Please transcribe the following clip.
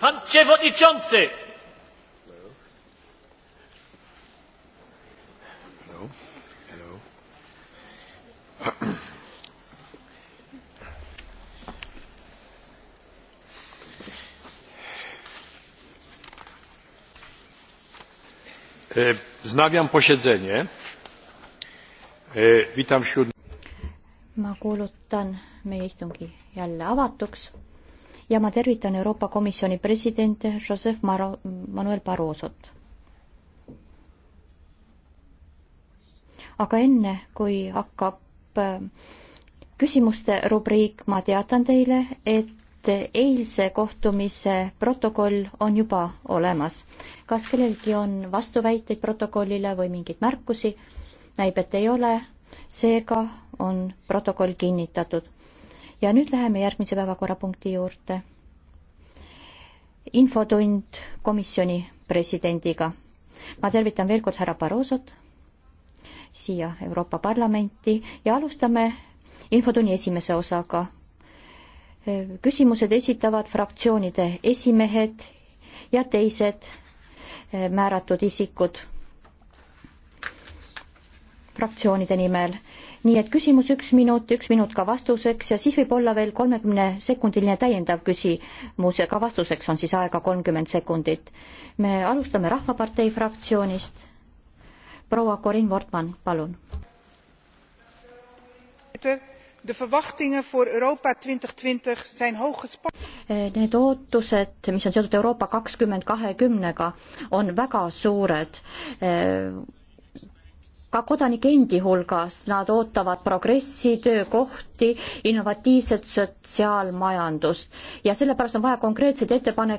Pan przewodniczący! No. No. No. Wznawiam posiedzenie. E, witam wśród... Ma kuulutan meie istungi jälle avatuks ja ma tervitan Euroopa Komisjoni presidenti Joseph Maro-, Manuel Barrosot. aga enne, kui hakkab äh, küsimuste rubriik, ma teatan teile, et eilse kohtumise protokoll on juba olemas. kas kellelgi on vastuväiteid protokollile või mingeid märkusi? näib, et ei ole, seega on protokoll kinnitatud ja nüüd läheme järgmise päevakorrapunkti juurde. infotund komisjoni presidendiga. ma tervitan veel kord härra Barrosot siia Euroopa Parlamenti ja alustame infotunni esimese osaga. küsimused esitavad fraktsioonide esimehed ja teised määratud isikud fraktsioonide nimel nii et küsimus üks minut, üks minut ka vastuseks ja siis võib olla veel kolmekümne sekundiline täiendav küsimus ja ka vastuseks on siis aega kolmkümmend sekundit. me alustame Rahvapartei fraktsioonist. proua Corin Wortmann, palun. De verwachtingen voor Europa 2020 zijn hoog gespannen. Eh, need ootused, mis on seotud Euroopa kakskümmend kahekümnega, on väga suured eh, ka kodanike endi hulgas, nad ootavad progressi, töökohti, innovatiivset sotsiaalmajandust ja sellepärast on vaja konkreetseid ettepanekuid